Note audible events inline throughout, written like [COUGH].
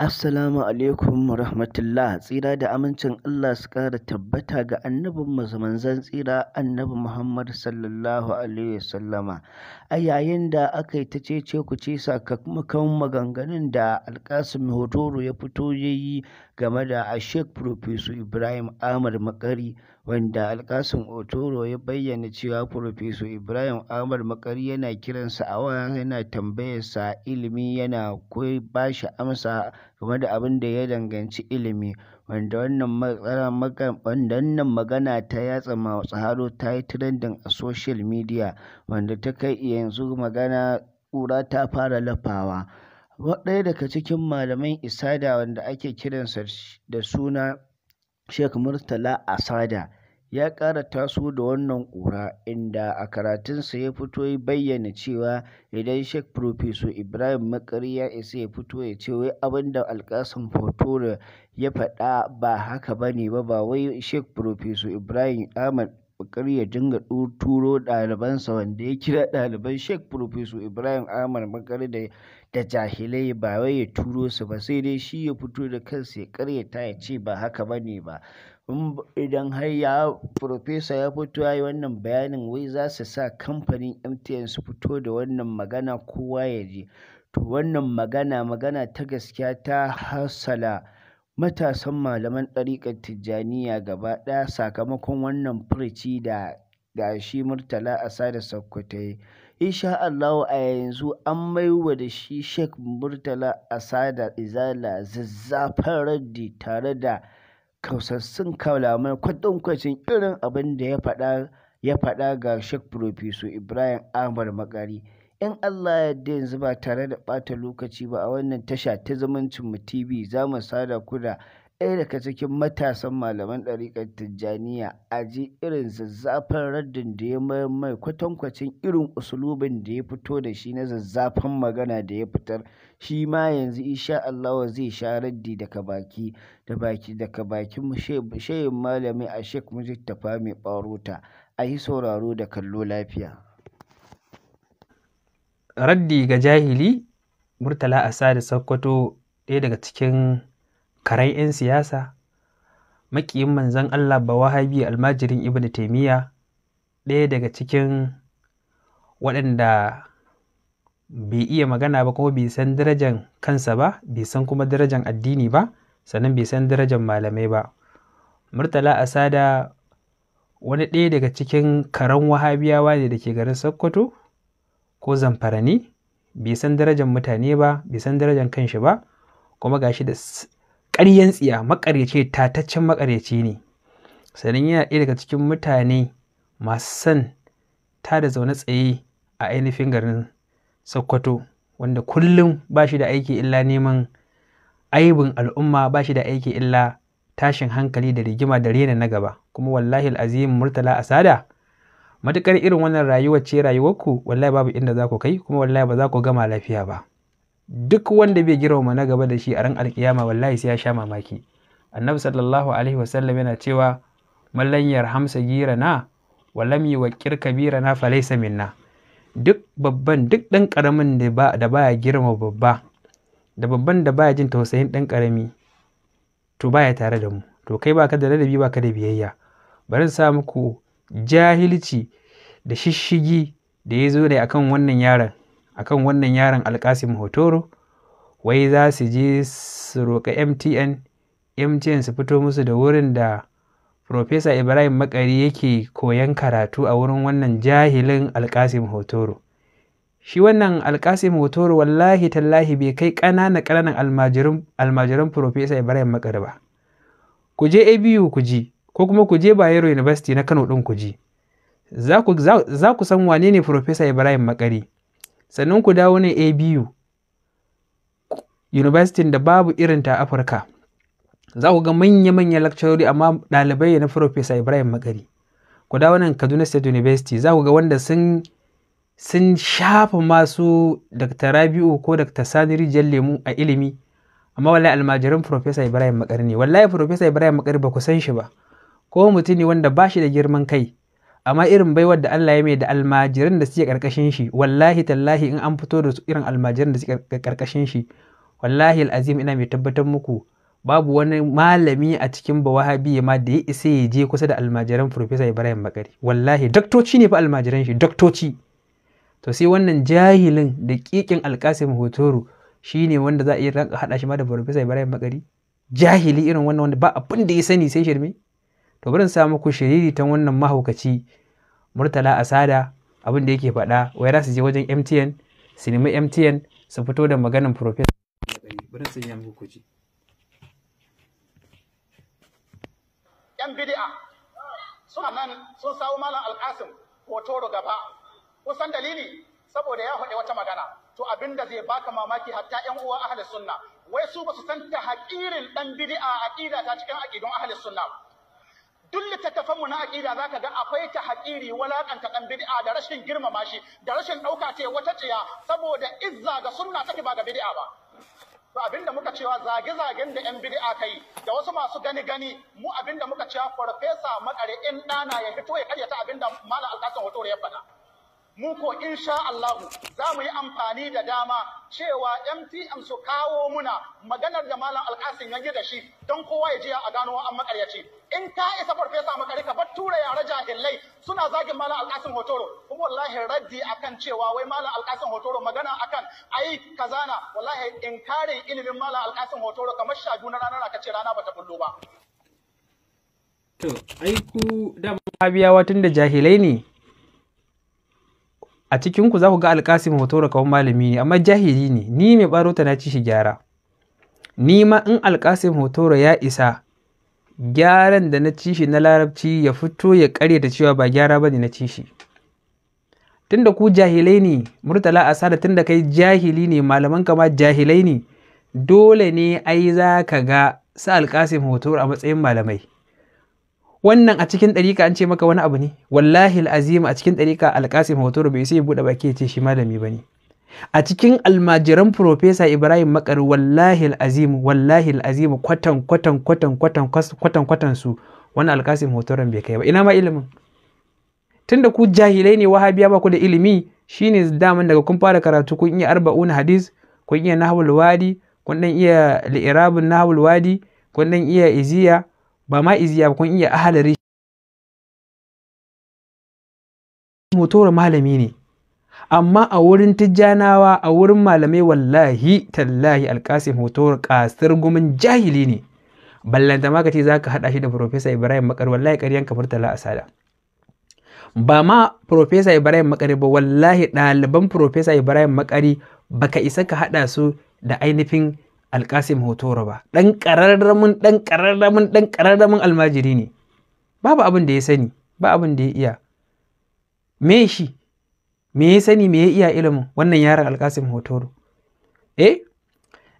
Assalamu alaikum wa rahmatullah tsira da amincin Allah su ƙara tabbata ga annabin Mazamanzan tsira annabi Muhammad sallallahu alaihi sallama a yayin da aka yi ta cece ku ce sakamakon maganganun da alƙasim hotoro ya fito yayi game da a Sheikh Profeso Ibrahim Ahmad Makari wanda alkasin Otoro ya bayyana cewa profesa Ibrahim Ahmad Makari yana kiransa a waya yana tambayarsa ilimi yana koyi ba shi amsa game da abin da ya danganci ilimi wanda wannan magana ta yatsa matsaharo ta yi trending a social media wanda ta kai yanzu magana kura ta fara lafawa. ɗaya daga cikin malaman isada wanda ake kiransa da suna Sheikh Murtala Asada ya ƙara taso da wannan ƙura, inda a karatunsa ya fito ya bayyana cewa idan Sheikh Profeso Ibrahim Maƙari ya isa ya fito ya ce wai abinda da Alƙasim ya faɗa ba haka ba ne ba, ba wai Sheikh Profeso Ibrahim Ahmad Bukari ya dinga turo ɗalibansa wanda ya kira ɗaliban Sheikh Profeso Ibrahim Ahmad Bukari da jahilai ba wai ya turo su ba sai dai shi ya fito da kansa ya karyata ya ce ba haka ba ne ba idan har ya Profesa ya fito ya yi wannan bayanin wai za su sa kamfanin MTN su fito da wannan magana kowa ya je to wannan magana magana ta gaskiya ta hasala matasan malaman ɗariƙar Tijjaniya gaba ɗaya sakamakon wannan furuci da ga shi Murtala Asada Sokoto ya insha Allah a yanzu an maiwa da shi Sheikh Murtala Asada Izala zazzafan raddi tare da kausassun kalamai kwatankwacin irin abin da ya faɗa ga Sheikh Profesa Ibrahim Ahmad Magari. in Allah ya yarda yanzu ba tare da ɓata lokaci ba a wannan tasha ta mu TV za mu sada ku da ɗaya daga cikin matasan malaman ɗariƙar Tijjaniya a ji irin zazzafan raddin da ya mai kwatankwacin irin usulubin da ya fito da shi na zazzafan magana da ya fitar shi ma yanzu insha Allah zai sha raddi daga baki da baki daga bakin shehin malami a Sheikh Mujittafa mai ɓarota a yi sauraro da kallo lafiya. raddi ga jahili murtala da sakkwato ɗaya daga cikin karai 'yan siyasa makiyin manzan allah ba wahabi almajirin ibn taimiyya ɗaya daga cikin waɗanda bai iya magana ba kuma bai san darajan kansa ba bai san kuma darajan addini ba sannan bai san darajan malamai ba murtala asada wani ɗaya daga cikin karan wahabiyawa ne da ke garin sokoto ko zamfara ne bai san darajar mutane ba bai san darajar kanshi ba kuma ga shi da ƙaryen tsiya ta tataccen makaryace ne sannan yana ɗaya daga cikin mutane masu san ta da zaune tsaye a ainihin garin sokoto wanda kullum ba shi da aiki illa neman aibin al'umma ba shi da aiki illa tashin hankali da rigima da rena na gaba kuma wallahi azim murtala asada matuƙar irin wannan rayuwar ce rayuwarku wallahi babu inda za ku kai kuma wallahi ba za ku gama lafiya ba duk wanda bai girmama na gaba da shi a ran alkiyama wallahi sai ya sha mamaki annabi sallallahu alaihi wasallam yana cewa mallan yarhamsa girana walam yuwaqqir kabirana falaysa minna duk babban duk dan karamin da ba da baya girma babba da babban da baya jin tausayin dan karami to baya tare da mu to kai baka da ladabi baka da biyayya bari sa muku jahilci da shishigi da ya zo da akan wannan yaron akan wannan yaron alkasim hotoro wai za su je su roƙa mtn mtn su fito musu da wurin da Profesa Ibrahim Makari yake koyan karatu a wurin wannan jahilin Alkasim Hotoro. Shi wannan Alkasim Hotoro wallahi tallahi bai kai ƙananan ƙananan almajirin Profesa Ibrahim Makari ba. Ku je ABU ku ji, ko kuma ku je Bayero University na Kano ɗin ku ji. Za ku san wane ne Profesa Ibrahim Makari, sannan ku dawo ne ABU, University da babu irin ta Afirka. Za ku ga manya-manya lakcarori amma ɗalibai na Profesa Ibrahim Makari. Ku dawo nan Kaduna State University za ku ga wanda sun sun shafa masu Dr. Rabi'u ko Dr. Sani Rijiyar Lemu a ilimi, amma wallahi almajirin Profesa Ibrahim Makari ne. Wallahi Profesa Ibrahim Makari ba ku san shi ba. ko mutum ne wanda ba shi da girman kai amma irin baiwar da Allah ya mai da almajiran da suke karkashin shi wallahi tallahi in an fito da su irin almajirin da suke karkashin shi wallahi al'azim ina mai tabbatar muku babu wani malami a cikin bawahabi ma da ya isa ya je kusa da almajiran Profesa Ibrahim Bakari wallahi doktoci ne fa almajiran shi doktoci. to sai wannan jahilin da kikin alkasim hotoru shine wanda za a iya haɗa shi ma da Profesa Ibrahim Bakari jahili irin wannan wanda ba abin da ya sani sai shirme to bari in sa muku shiriri ta wannan mahaukaci murtala asada abin da yake faɗa wai za su je wajen mtn su nemi mtn su fito da maganin professor bari in ya muku yan bid'a suna nan sun sawo malam alkasim hoto gaba kusan dalili saboda ya faɗi wata magana to abin da zai baka mamaki hatta yan uwa ahli sunna wai su ba su san ta haƙirin dan bid'a aqida ta cikin aqidun ahli sunna duk littattafan mu na aqida zaka ga akwai ta haƙiri ta dan bid'a da rashin girmama shi da rashin ɗauka ce wata tsiya saboda izza ga sunna take ba ga bid'a ba to abinda muka cewa zage-zagen da 'yan bid'a kai da wasu masu gani-gani mu abinda muka cewa farfesa makare in ɗana ya fito ya karyata abinda malam alƙasan hoto ya faɗa mu ko insha Allahu za mu yi amfani da dama cewa MTM su kawo muna maganar da Malam Alkasin ya da shi don kowa ya jiya a gano an makaryaci in ka isa farfesa makare ka bar tura yara jahilai suna zagin Malam Alkasin Hotoro kuma wallahi raddi akan cewa wai Malam Alkasin Hotoro magana akan ai kazana wallahi kare ilimin Malam Alkasin Hotoro kamar shaju na ranar aka ce rana bata bullo ba To, ai ku da mabiya watan da jahilai ne, a cikin ku za ku ga alƙasimu hoto da kawun malami ne amma jahili ne ni mai ta na ci shi gyara ni ma in alkasim hotoro ya isa gyaran da na ci shi na larabci ya fito ya da cewa ba gyara ba ne na ci shi da ku jahilai ne murtala a sada tun da kai jahili ne malaman kama jahilai ne dole ne ai za ka ga sa alkasim hoto a matsayin malamai wannan a cikin ɗariƙa an ce maka wani abu ne wallahi azim a cikin ɗariƙa alƙasim hoto bai sai buɗe baki ya ce shi malami ba ne a cikin almajiran Profesa Ibrahim Makar wallahi azim wallahi azim kwatan kwatan kwatan kwatan kwatan kwatan su wani alƙasim bai kai ba ina ma ilimin tunda ku jahilai ne wahabiya ba ku da ilimi shine daman daga kun fara karatu kun iya arba'un hadis kun iya nahawul wadi kun dan iya li'irabun nahawul wadi kun dan iya iziya ba ma iziya ba kun iya ahalari motora malami ne amma a wurin tijjanawa a wurin malamai wallahi tallahi alkasim motora ƙasar gumin jahili ne ballanta ma ka za ka haɗa shi da Profesa Ibrahim Makar wallahi ƙaryan kamar furtala asada. Ba ma Profesa Ibrahim Makari ba wallahi ɗaliban Profesa Ibrahim Makari ka isa ka haɗa su da ainihin alkasim hotoro ba ɗan ƙararramin ɗan ƙararramin ɗan ƙararramin almajiri ne babu abin da ya sani ba abin da ya iya me shi me ya sani me ya iya ilimin wannan yaron alkasim hotoro eh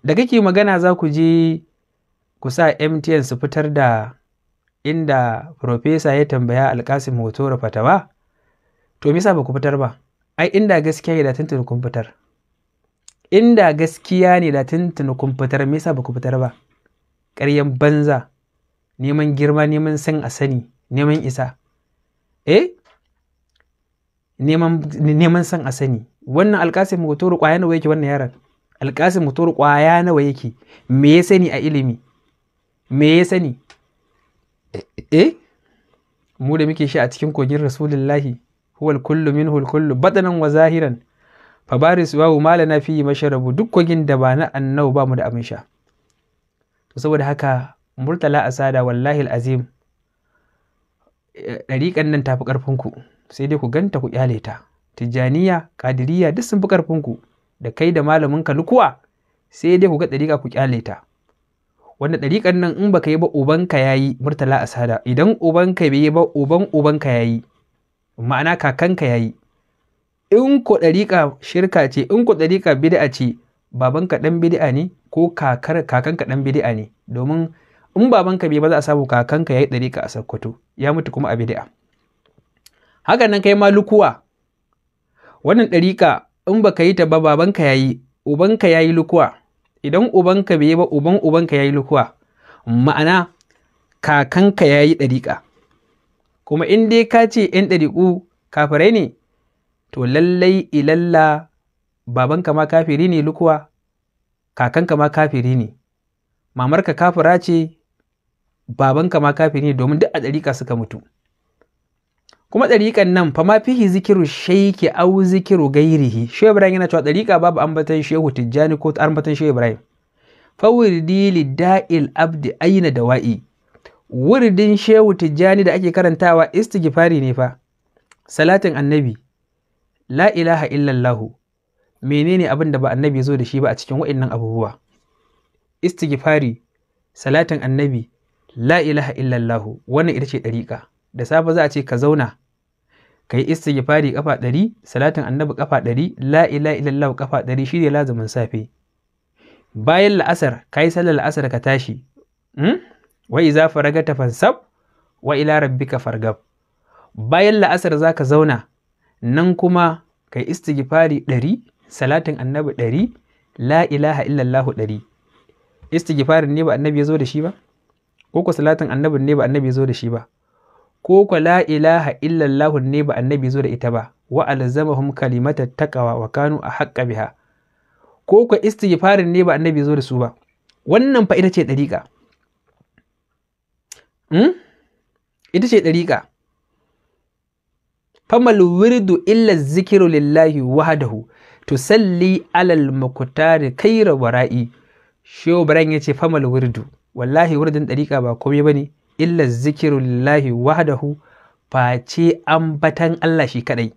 da kake magana za ku je ku sa mtn su fitar da inda profesa ya tambaya alkasim hotoro fatawa to me yasa ba ku fitar ba ai inda gaskiya ya da tuntun kun fitar inda gaskiya ne da tuntuna kun fitar me yasa ba fitar ba ƙaryan banza neman girma neman san a sani neman isa eh neman neman san a sani wannan alƙasim hoto ƙwaya nawa yake wannan yaran alƙasim hoto ƙwaya nawa yake me ya sani a ilimi me ya sani eh mu da muke shi a cikin kogin rasulullahi huwal kullu minhu al kullu batanan wa zahiran Fabaris babu wa malana fi masharabu duk kogin da ba na annau ba mu da abin sha to saboda haka murtala asada wallahi azim eh, ɗariƙan nan tafi ƙarfinku sai dai ku ganta ku ƙyale ta tijjaniya kadiriya duk sun fi ƙarfinku da kai da malamin ka lukuwa sai dai ku ga ɗariƙa ku ƙyale ta wanda ɗariƙan nan in baka yi ba uban ya yi murtala asada idan ubanka bai yi ba uban uban ya yi ma'ana kakanka ya yi in ku ɗariƙa shirka ce in ku ɗariƙa bid'a ce babanka ɗan bid'a ne ko kakanka ɗan bid'a ne domin in babanka bai ba za a samu kakan ya yi ɗariƙa a sakkwato ya mutu kuma a bid'a haka nan kai ma malukuwa wannan ɗariƙa in ba ka yi ta ba babanka ya yi ka ya yi lukuwa idan ka bai yi ba uban ubanka ya yi lukuwa ma'ana kakanka ya yi ɗariƙa kuma in dai ka ce ‘yan ɗariƙu kafirai ne to lallai ilalla babanka ma kafiri ne lukuwa kakanka ma kafiri ne mamarka kafira ce babanka ma kafiri ne domin duk a ɗariƙa suka mutu kuma ɗariƙan nan fa ma fihi zikiru shaiki au zikiru gairihi shehu ibrahim yana cewa ɗariƙa babu ambatan shehu tijjani ko ambatan shehu ibrahim fawirdi da'il abdi aina dawa'i wuridin shehu tijjani da ake karantawa istighfari ne fa salatin annabi la ilaha illallahu menene abin da ba annabi zo da shi ba a cikin wa'annan abubuwa istighfari salatin annabi la ilaha illallahu wannan ita ce ɗarika. da safe za a ce ka zauna ka yi istighfari kafa ɗari salatin annabi kafa ɗari la ilaha illallahu kafa ɗari shi ne lazumin safe bayan la'asar ka yi sallar la'asar ka tashi hmm? wa iza faragata fansab wa ila rabbika fargab bayan la'asar za ka zauna nan kuma kai istighfari ɗari salatin annabi ɗari la ilaha illallahu ɗari istighfari ne ba annabi ya zo da shi ba ko ko salatin annabi ne ba annabi ya zo da shi ba ko ko la ilaha illallahu ne ba annabi ya zo da ita ba wa alzamahum kalimata taqwa wa kanu a haqqa biha ko ko istighfari ne ba annabi ya zo da su ba wannan fa ita ce ɗariƙa hmm? ita ce ɗariƙa famal wirdu illa zikiru lillahi wahdahu tusalli alal mukutari kaira wara'i shehu baran ce famal wirdu wallahi wurdin ɗariƙa ba komai ne. illa zikiru lillahi wahadahu face ambatan Allah shi kadai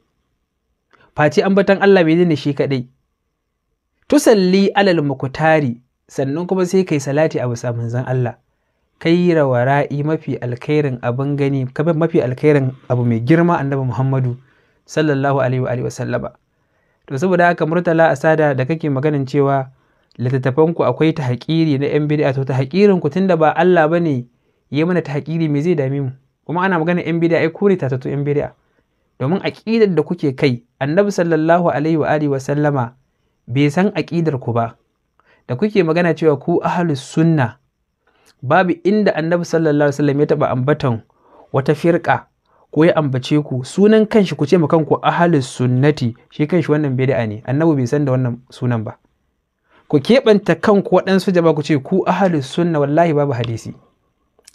face ambatan Allah shi kadai tusalli alal mukutari sannan kuma sai kai salati a bisa manzan Allah kaira ra'i mafi alkhairin abin gani mafi alkhairin abu mai girma annabi Muhammadu sallallahu alaihi wa sallama to saboda haka murtala asada da kake maganin cewa littattafan ku akwai ta na yan bid'a to ta ku tunda ba Allah bane ya mana ta me zai dame mu kuma ana magana yan bid'a ai kore ta to yan bid'a domin aqidar da kuke kai annabi sallallahu alaihi wa alihi bai san aƙidar ku ba da kuke magana cewa ku ahlus sunna babu inda annabi sallallahu alaihi wasallam ya taba ambatan wata firƙa ko ya ambace ku sunan kanshi ku ce ma kanku ahlus sunnati shi kanshi wannan bid'a ne annabi bai san da wannan sunan ba ku keɓanta kanku waɗansu jaba ku ce ku ahlus sunna wallahi babu hadisi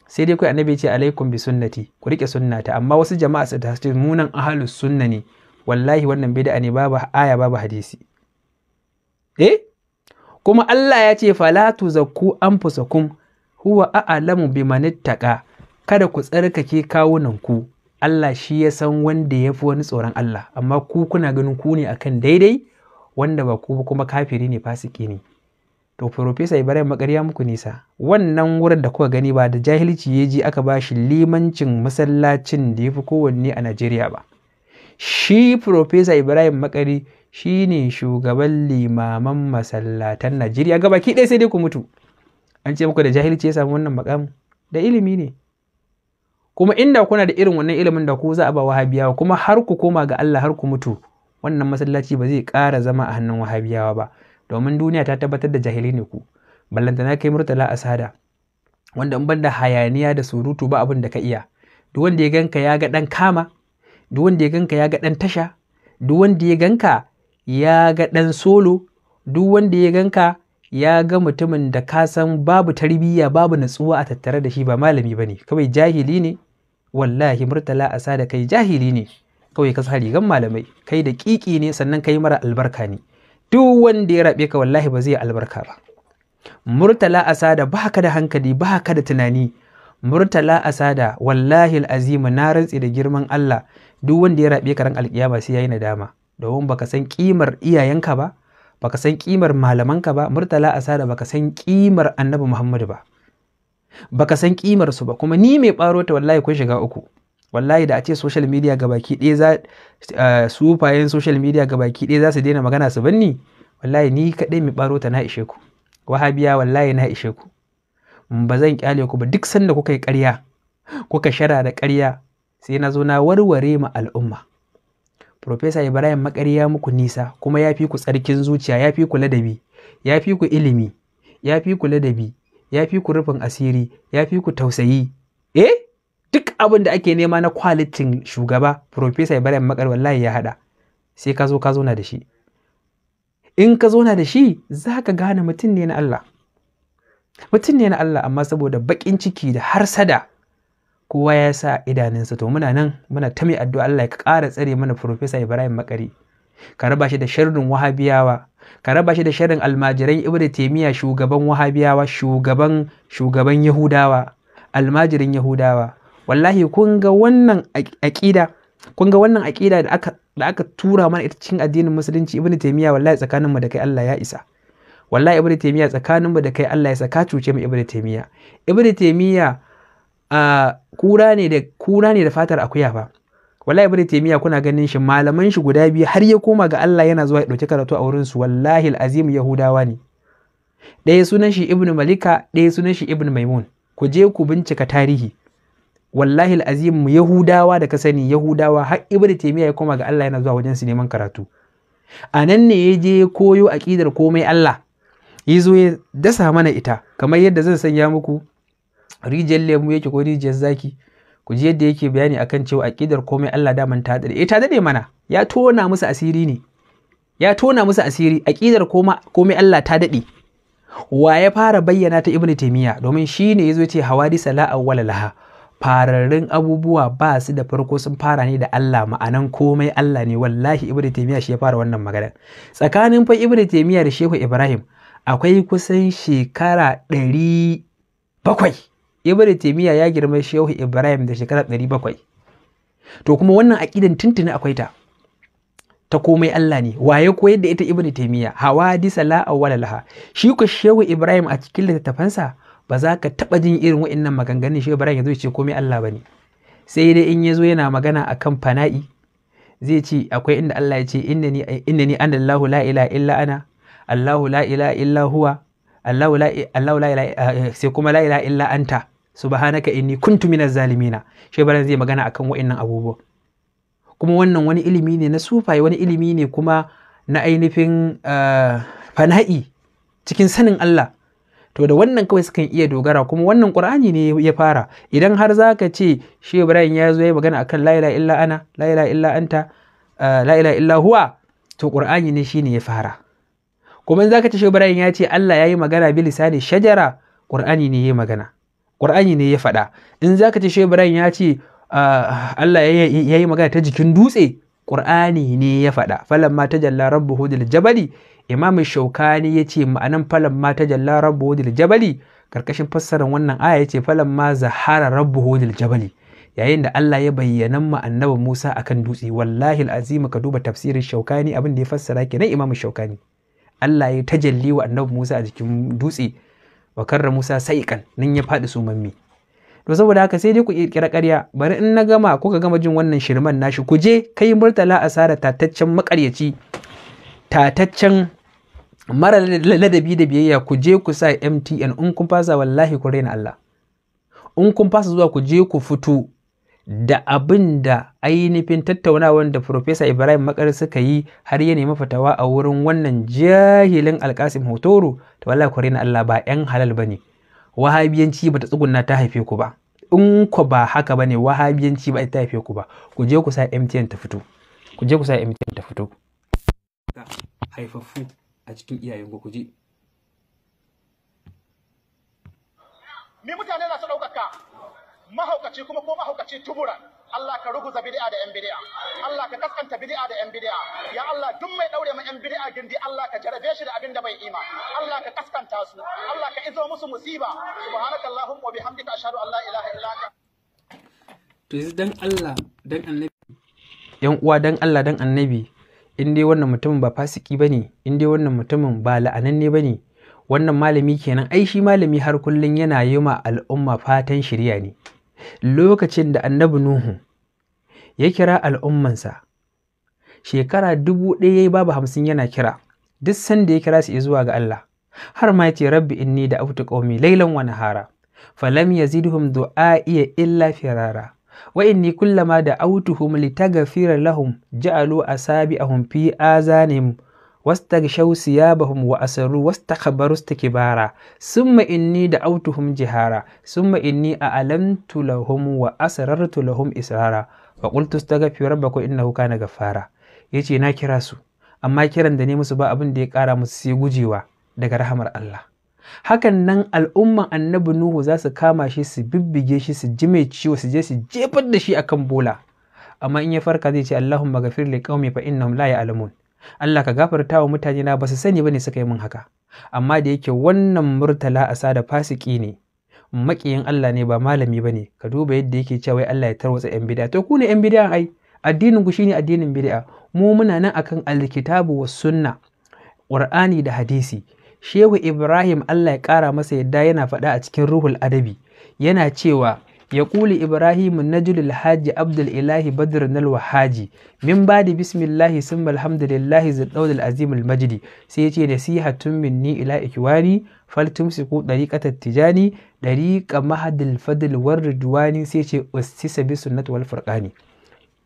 sai dai kai annabi ce alaikum bi sunnati ku rike sunnata amma wasu jama'a su ta ce munan ahlus sunna ne wallahi wannan bid'a ne babu aya babu hadisi eh kuma Allah ya ce fala tuzakku anfusakum huwa a'lamu bimanittaka kada ku tsarkake kawunanku Allah shi ya san wanda ya fi wani tsoron Allah amma ku kuna ganin ku ne akan daidai wanda ba ku kuma kafiri ne fasiki ne to Profesa Ibrahim Makarya muku nisa wannan wurin da kuka gani ba da jahilci ya ji aka bashi limancin masallacin da ya fi kowanne a Najeriya ba shi Profesa Ibrahim Makari shi ne shugaban limaman masallatan Najeriya gabaki ɗaya sai dai ku mutu an ce muku da jahilci ya samu wannan makamin da ilimi ne kuma inda kuna da irin wannan ilimin da ku za a ba wahabiyawa kuma har ku koma ga Allah har ku mutu wannan masallaci ba zai ƙara zama a hannun wahabiyawa ba domin duniya ta tabbatar da jahili ne ku ballantana kai murtala asada wanda in banda hayaniya da surutu ba abin da ka iya duk wanda ya ganka ya ga dan kama duk wanda ya ganka ya ga dan tasha duk wanda ya ganka ya ga dan solo duk wanda ya ganka ya ga mutumin da ka san babu tarbiyya babu natsuwa a tattare da shi ba malami ba ne kawai jahili ne wallahi murtala a sa da kai jahili ne kawai ka sa gan malamai kai da kiki ne sannan kai mara albarka ne duk wanda ya rabe ka wallahi ba zai albarka ba murtala ba haka da hankali ba haka da tunani murtala asada wallahi al'azima na rantse da girman Allah duk wanda ya rabe ka ran alkiyama sai yayi nadama domin baka san kimar iyayenka ba baka san kimar malamanka ba murtala asada baka san kimar annabi muhammadu ba baka san kimar su ba kuma ni mai baro ta wallahi kun shiga uku wallahi da a ce social media ga baki ɗaya za eh, sufayen social media ga baki ɗaya za su daina magana su banni wallahi ni kaɗai mai baro ta na ishe ku wahabiya wallahi na ishe ku ba zan kyale ku ba duk sanda kuka yi ƙarya kuka shara da ƙarya sai na zo na warware ma al'umma Profesa Ibrahim Makari ya muku nisa kuma ya fi ku tsarkin zuciya ya fi ku ladabi ya fi ku ilimi ya fi ku ladabi ya fi ku rufin asiri ya fi ku tausayi eh duk abin da ake nema na kwalitin shugaba Profesa Ibrahim Makari wallahi ya hada sai ka zo ka zo na da shi in ka zo na da shi za ka gane mutum ne na Allah mutum ne na Allah amma saboda baƙin ciki da harsada kowa ya sa idanunsa to muna nan muna ta mai addu'a Allah ya ƙara tsare mana Profesa Ibrahim Makari ka raba shi da sharrin wahabiyawa ka raba shi da sharrin almajiran Ibn Taymiyyah shugaban wahabiyawa shugaban shugaban Yahudawa almajirin Yahudawa wallahi kun ga wannan aƙida kun ga wannan aƙida da aka da aka tura mana ita cikin addinin musulunci Ibn Taymiyyah wallahi tsakanin mu da kai Allah ya isa wallahi Ibn Taymiyyah tsakanin mu da kai Allah ya isa ka cuce mu Ibn Taymiyyah Ibn Taymiyyah a kura ne da kura ne da fatar akuya fa wallahi ibnu taymiya kuna ganin shi malaman shi guda biyu har ya koma ga Allah yana zuwa ya dauki karatu a wurin su wallahi alazim yahudawa ne ɗaya sunan shi ibnu malika ɗaya sunan shi ibnu maimun ku je ku bincika tarihi wallahi alazim yahudawa da ka sani yahudawa har ibnu taymiya ya koma ga Allah yana zuwa wajen su neman karatu a nan ne ya je koyo akidar komai Allah ya zo ya dasa mana ita kamar yadda zan sanya muku rijiyar lemu yake ko rijiyar zaki ku ji yadda yake bayani akan cewa aqidar komai Allah daman ta dade eh ta dade mana ya tona musu asiri ne ya tona musu asiri aqidar komai Allah ta dade wa ya fara bayyana ta ibnu taymiya domin shine yazo ce hawadisa la awwal laha fararrun abubuwa ba su da farko sun fara ne da Allah ma'anan komai Allah ne wallahi ibnu taymiya shi ya fara wannan magana tsakanin fa ibnu taymiya da shehu ibrahim akwai kusan shekara ɗari bakwai ibn taymiya ya girma shehu ibrahim da shekara 700 to kuma wannan aqidan tuntuni akwai ta ta komai Allah ne waye koyar da ita ibn hawa hawadisa la awwala laha shi ko shehu ibrahim a cikin littafansa ba za ka taba jin irin wa'annan maganganun shehu ibrahim yazo ce komai Allah bane sai dai in yazo yana magana akan fana'i zai ce akwai inda Allah ya ce innani innani anallahu la ilaha illa ana Allahu la ilaha illa huwa Allahu la eh, sai kuma la ilaha illa anta subhanaka inni kuntu minaz zalimina shi baran zai magana akan wa'annan abubuwa kuma wannan wani ilimi ne na sufai wani ilimi ne kuma na ainihin eh, fana'i cikin sanin Allah to da wannan kawai sukan iya dogara kuma wannan qur'ani ne ya fara idan har zaka ce shi ibrahim ya zo ya magana akan la ilaha illa ana la ilaha illa anta eh, la ilaha illa huwa to qur'ani ne shine ya fara kuma in zaka ce shi ibrahim ya ce Allah yayi magana bi lisani shajara qur'ani ne yayi magana ƙur'ani ne ya faɗa in za ka ce shehu ya ce ah, allah ya yi magana ta jikin dutse ƙur'ani ne ya faɗa falan ma ta jalla rabbu hudul jabali imam shaukani ya ce ma'anan falan ma ta jalla rabbu hudul jabali karkashin fassarar wannan aya ya ce falan ma zahara rabbu hudul jabali yayin da Allah ya bayyana ma Annaba Musa akan dutse wallahi alazim ka duba tafsirin shaukani abin da ya fassara kenan imam shaukani Allah ya tajalli wa annabi Musa a jikin dutse wa karra Musa saiƙan nan ya faɗi sumammi to saboda haka sai dai ku kirkira ƙarya bari in na gama kuka gama jin wannan shirman nashi ku je kai murtala asara tataccen makaryaci tataccen mara ladabi da biyayya ku je ku sa MTN in kun fasa wallahi ku raina Allah in kun fasa zuwa ku je ku fito da abin da ainihin tattaunawar da Profesa Ibrahim Makar suka yi har ya nemi fatawa a wurin wannan jahilin Alkasim Hotoro to wallahi ku na Allah ba 'yan halal bane wahabiyanci bata tsugunna ta haife ku ba in ku ba haka bane wahabiyanci ba ta haife ku ba ku je ku sa MTN ta fito ku je ku sa MTN ta fito haifaffu a cikin iyayen ku je ni mutane na su ɗaukaka mahaukaci kuma ko mahaukaci Tubura, Allah ka ruguza bid'a da yan bid'a Allah ka kaskanta bid'a da yan bid'a ya Allah duk mai daure ma yan bid'a gindi Allah ka jarabe shi da abin da bai ima Allah ka kaskanta su Allah ka izo musu musiba subhanakallahumma wa bihamdika ashhadu an la ilaha illa anta to yanzu dan Allah dan annabi yan uwa dan Allah dan annabi in dai wannan mutumin ba fasiki bane in dai wannan mutumin ba la'ananne bane wannan malami kenan ai shi malami har kullun yana yi ma al'umma fatan shirya ne lokacin da annabi Nuhu ya kira al'ummansa shekara dubu ɗaya ya babu hamsin yana kira duk sanda ya kira su zuwa ga Allah har ma ce rabbi inni da autu qaumi lailan wa nahara falam yazidhum iya illa firara wa inni kullama da autuhum gafira lahum ja'alu asabi'ahum fi azanihim wastaghshaw siyabahum wa asarru wastakbaru istikbara summa da autuhum jihara summa inni a'lamtu lahum wa asrartu lahum israra wa qultu astaghfiru rabbakum innahu kana ghaffara yace na kira su amma kiran da ne musu ba abin da ya kara musu sai gujewa daga rahamar Allah hakan nan al'umman annabi Nuhu za su kama shi su bibbige shi su ji mai ciwo su je su jefar da shi akan bola amma in ya farka zai ce Allahumma ghafir li qaumi fa innahum la ya'lamun Allah ka gafarta wa mutane na basu sani bane suka yi min haka amma da yake wannan murtala a sada fasiki ne makiyin Allah ne ba malami ba ne. ka duba yadda yake cewa Allah ya tarwatsa yan bid'a to ku ne yan bid'a ai addinin ku shine addinin bid'a mu muna nan akan alkitabu was sunna qur'ani da hadisi shehu ibrahim Allah ya kara masa yadda yana faɗa a cikin ruhul adabi yana cewa ya ƙuli ibrahim najulul haji abdul ilahi badr nal wahaji min badi bismillahi summa alhamdulillahi zaddaul azim majdi sai ya ce nasihatun minni ila ikwani faltumsiku dariqatat tijani dariqa mahadil fadl war ridwani sai ce ussisa bi sunnati wal furqani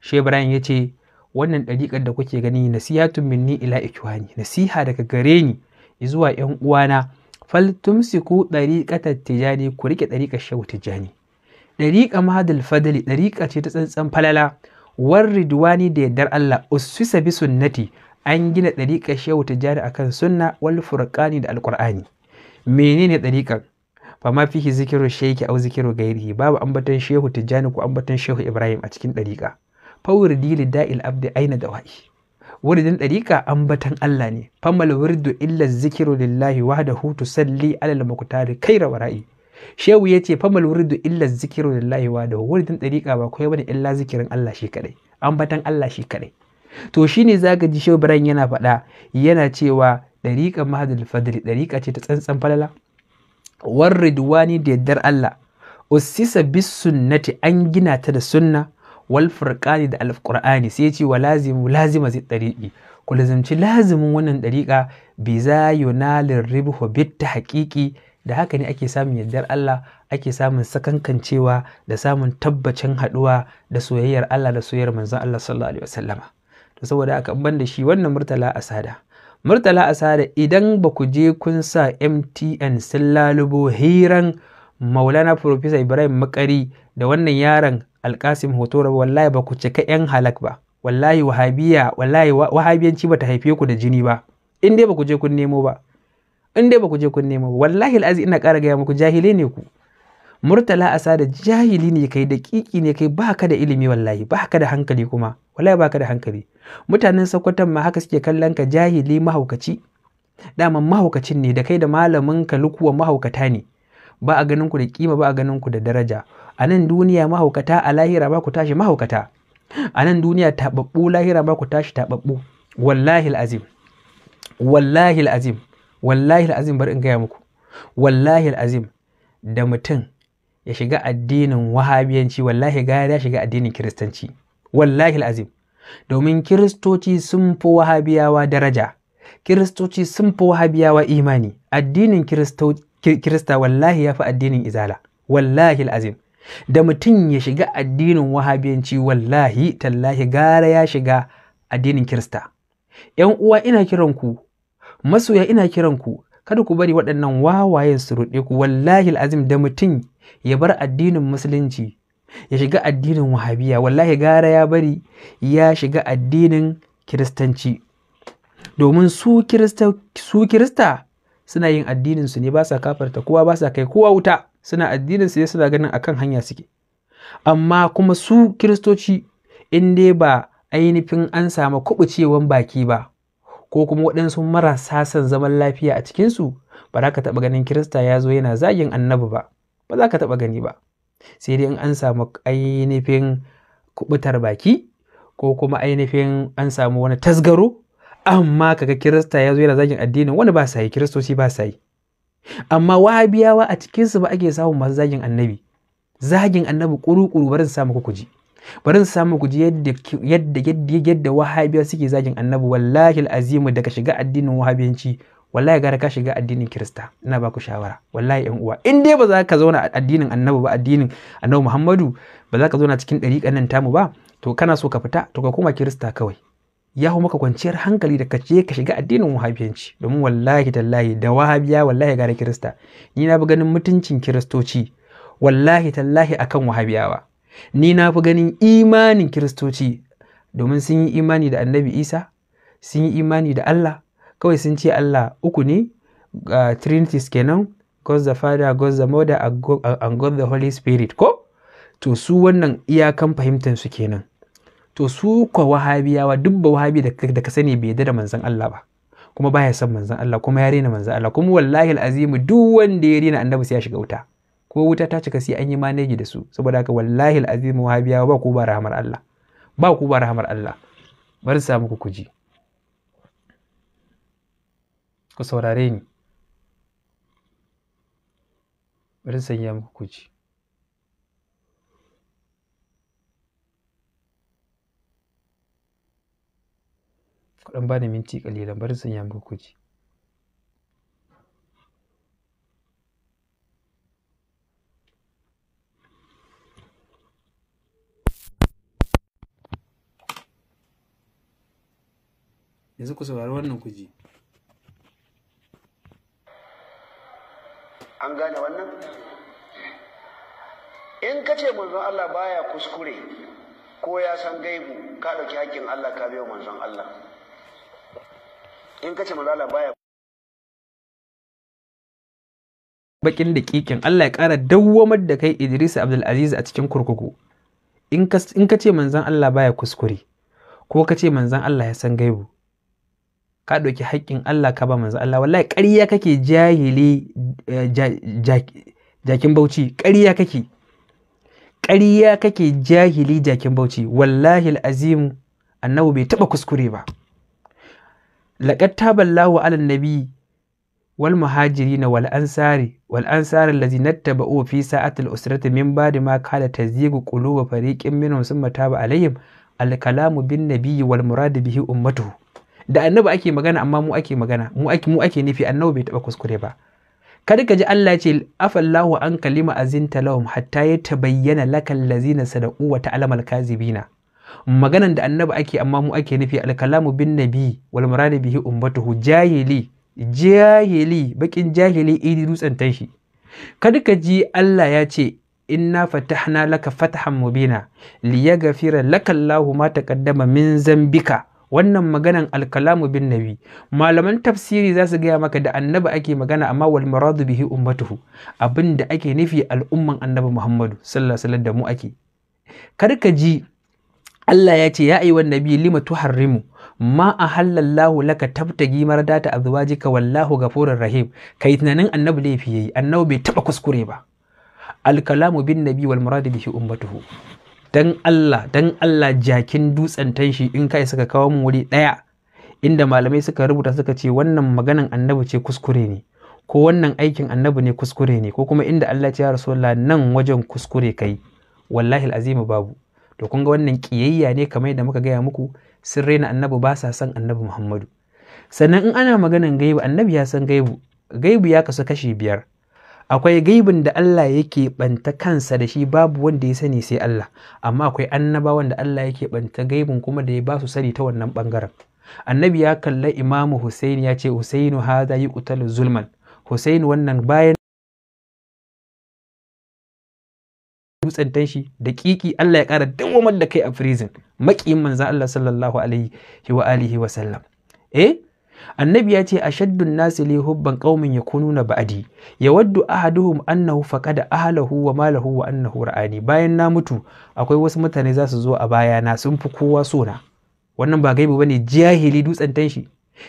shi ibrahim ya ce wannan dariƙar da kuke gani nasihatun minni ila ikwani nasiha daga gare ni zuwa yan uwana faltumsiku dariqatat tijani ku rike dariqar shehu tijani ɗariƙa mahadul fadali ɗariƙa ce ta tsantsan falala war ridwani da yardar Allah ussisa bi sunnati an gina ɗariƙa shehu ta tijjani akan sunna wal furqani da alqur'ani menene ɗariƙa? fa ma fihi zikiru sheki au zikiru gairihi babu ambatan shehu tijjani ko ambatan shehu ibrahim a cikin ɗariƙa fawur dili da'il abdi aina da wa'i wuridin ɗariƙa ambatan Allah ne famal wurdu illa zikiru lillahi wahdahu tusalli alal muqtari kaira wara'i shehu ya ce famal wuridu illa zikiru lillahi wa da wuridin dariƙa ba kai bane illa zikirin Allah shi kadai ambatan Allah shi kadai to shine zaka ji shehu Ibrahim yana faɗa yana cewa dariƙa mahadul fadli dariƙa ce ta tsantsan falala war ridwani da yaddar Allah Usisa, bis sunnati an gina ta da sunna wal furqani da alqur'ani sai ya ce wa lazimu lazima zai dariƙi ku lazimci lazimin wannan dariƙa bi za yunalir ribhu bit haƙiƙi da haka ne ake samun yardar Allah ake samun sakankancewa da samun tabbacin haɗuwa da soyayyar Allah da soyayyar manzon Allah sallallahu alaihi wasallama to saboda haka ban da shi wannan murtala asada murtala asada idan ba ku je kun sa MTN sun hiran maulana Profesa ibrahim makari da wannan yaron alkasim hotora wallahi ba ku cika yan halak ba wallahi wahabiya wallahi wahabiyanci ba ta haife ku da jini ba in dai ba ku je kun nemo ba in dai ba ku je kun nemo ba wallahi al'azi ina ƙara gaya muku jahili ne ku murtala a sada jahili ne kai da kiki ne kai ba ka da ilimi wallahi ba ka da hankali kuma wallahi ba ka da hankali mutanen sakwatan ma haka suke kallon ka jahili mahaukaci daman mahaukacin ne da kai da malamin ka lukuwa mahaukata ne ba a ganin ku da kima ba a ganin ku da daraja a nan duniya mahaukata a lahira ba ku tashi mahaukata a nan duniya taɓaɓɓu lahira ba ku tashi taɓaɓɓu wallahi alazim wallahi azim wallahi al'azim bar in gaya muku wallahi al'azim da mutum ya shiga addinin wahabiyanci wallahi gaya ya shiga addinin kiristanci wallahi al'azim domin kiristoci sun fi wahabiyawa daraja kiristoci sun fi wahabiyawa imani addinin kirista wallahi ya fi addinin izala wallahi al'azim da mutum ya shiga addinin wahabiyanci wallahi tallahi gara ya shiga addinin kirista ‘yan uwa ina kiranku masoya ina kiran ku kada ku bari waɗannan wawayen su ruɗe ku wallahi azim da mutum ya bar addinin musulunci ya shiga addinin wahabiya wallahi gara ya bari ya shiga addinin kiristanci domin su kirista su suna yin addinin su ne ba sa kafarta kowa ba sa kai kowa wuta suna addinin su ne suna ganin akan hanya suke amma kuma su kiristoci in dai ba ainihin an samu kubucewan baki ba ko kuma waɗansu marasa son zaman lafiya a cikinsu ba za ka taɓa ganin kirista ya zo yana zagin annabi ba ba za ka taɓa gani ba sai dai in an samu ainihin kubutar baki ko kuma ainihin an samu wani tasgaro amma kaga kirista ya zo yana zagin addinin wani ba sa yi kiristoci ba sa yi amma wahabiyawa a cikinsu ba ake samun masu zagin annabi zagin annabi kuru-kuru barin sa muku kuji bari in samu ku ji yadda yadda yadda wahabiya suke zagin annabi wallahi azimu daga shiga addinin wahabiyanci wallahi gara ka shiga addinin kirista ina baku shawara wallahi yan uwa in dai ba za ka zauna addinin annabi ba addinin annabi muhammadu ba za ka zauna cikin ɗariƙan nan tamu ba to kana so ka fita to ka koma kirista kawai ya hu maka kwanciyar hankali da kace ka shiga addinin wahabiyanci domin wallahi tallahi da wahabiya wallahi gara kirista ni na bi ganin mutuncin kiristoci wallahi tallahi akan wahabiyawa ni na fi ganin imanin kiristoci domin sun yi imani da annabi isa sun yi imani da allah kawai sun ce allah uku ne uh, trinities kenan god the father god the mother and god the holy spirit ko to su wannan iyakan fahimtar su kenan to su kwa wahabiyawa duk ba wahabi da ka sani bai yarda da manzon allah ba kuma baya son manzon allah kuma ya rena manzon allah kuma wallahi alazim duk wanda ya rena annabi sai ya shiga wuta ko wuta ta cika sai an yi maneji da su saboda haka wallahi alazim wahabiyawa ba ku ba rahamar Allah ba ku ba rahamar Allah bari sa muku kuji ku saurare ni bari sanya muku kuji ku dan bani minti kalilan bari sanya muku kuji yanzu ku saurari wannan ku ji an gane wannan in ka ce manzon Allah baya kuskure ko ya san gaibu ka ɗauki hakkin Allah ka biyo manzon Allah in ka ce manzon Allah baya bakin da kikin Allah ya ƙara dawwamar da kai Idris Aziz a cikin kurkuku in ka ce manzon Allah baya kuskure ko ka ce manzon Allah ya san gaibu ka ɗauki haƙƙin Allah ka ba manzo Allah wallahi ƙarya kake jahili eh, jakin bauchi ƙarya kake ƙarya kake jahili jakin bauchi wallahi azim annabi bai taɓa kuskure ba laqad taballahu ala nabi wal muhajirin wal ansari wal ansari allazi nattaba'u fi sa'atil usrati min ba'di ma kala tazigu qulubi fariqin minhum thumma taba alaihim al kalamu bin nabiyyi wal murad bihi ummatuhu da annabi ake magana amma mu ake magana mu ake mu ake nufi annabi bai taba kuskure ba kada ka ji Allah ce afallahu an kalima azinta lahum hatta ya tabayyana lakal lazina sadaqu wa ta'lamal kazibina maganan da annabi ake amma mu ake nufi kalamu bin nabi wal murad bihi ummatuhu jahili jahili bakin jahili idi dutsen tashi kada ka ji Allah ya ce inna fatahna laka fatahan mubina liyaghfira lakallahu ma taqaddama min zambika wannan maganan alkalamu bin nabi malaman tafsiri za su gaya maka da annabi ake magana amma wal maradu bihi ummatuhu abin da ake nufi al'umman annabi muhammadu sallallahu alaihi wasallam da mu ake kar ka ji Allah ya ce ya wan nabi lima tuharrimu ma a halallahu laka tabtagi mardata azwajika wallahu ghafurur rahim kai tunanin annabi laifi yayi annabi bai taba kuskure ba alkalamu bin nabi wal maradu bihi ummatuhu dan Allah dan Allah jakin dutsen tanshi in kai suka kawo mun wuri daya. inda malamai suka rubuta suka ce wannan maganan annabi ce kuskure ne ko wannan aikin annabi ne kuskure ne ko kuma inda Allah ya rasulullah nan wajen kuskure kai wallahi alazim babu to kun ga wannan kiyayya ne kamar da muka gaya muku sun raina annabi ba sa son annabi Muhammadu sannan in ana maganan gaibu annabi ya san gaibu gaibu ya kasu kashi biyar akwai gaibin da Allah yake banta kansa da shi babu wanda ya sani sai Allah amma akwai annaba wanda Allah yake banta gaibin kuma da ya ba su sani ta wannan bangaren annabi ya kalla imamu Hussein ya ce hada hadha kutal zulman Hussein wannan bayan dutsantan shi da kiki Allah ya ƙara dawwamar da kai a prison maƙiyin manzan Allah sallallahu alaihi wa alihi wa sallam eh annabi ya ce ashaddun nasi li hubban qaumin na ba'di yawaddu ahaduhum annahu faqada ahlahu wa malahu wa annahu ra'ani bayan na mutu akwai wasu mutane za su zo a baya na sun fi kowa sona wannan ba gaibu bane jahili dutsen tanshi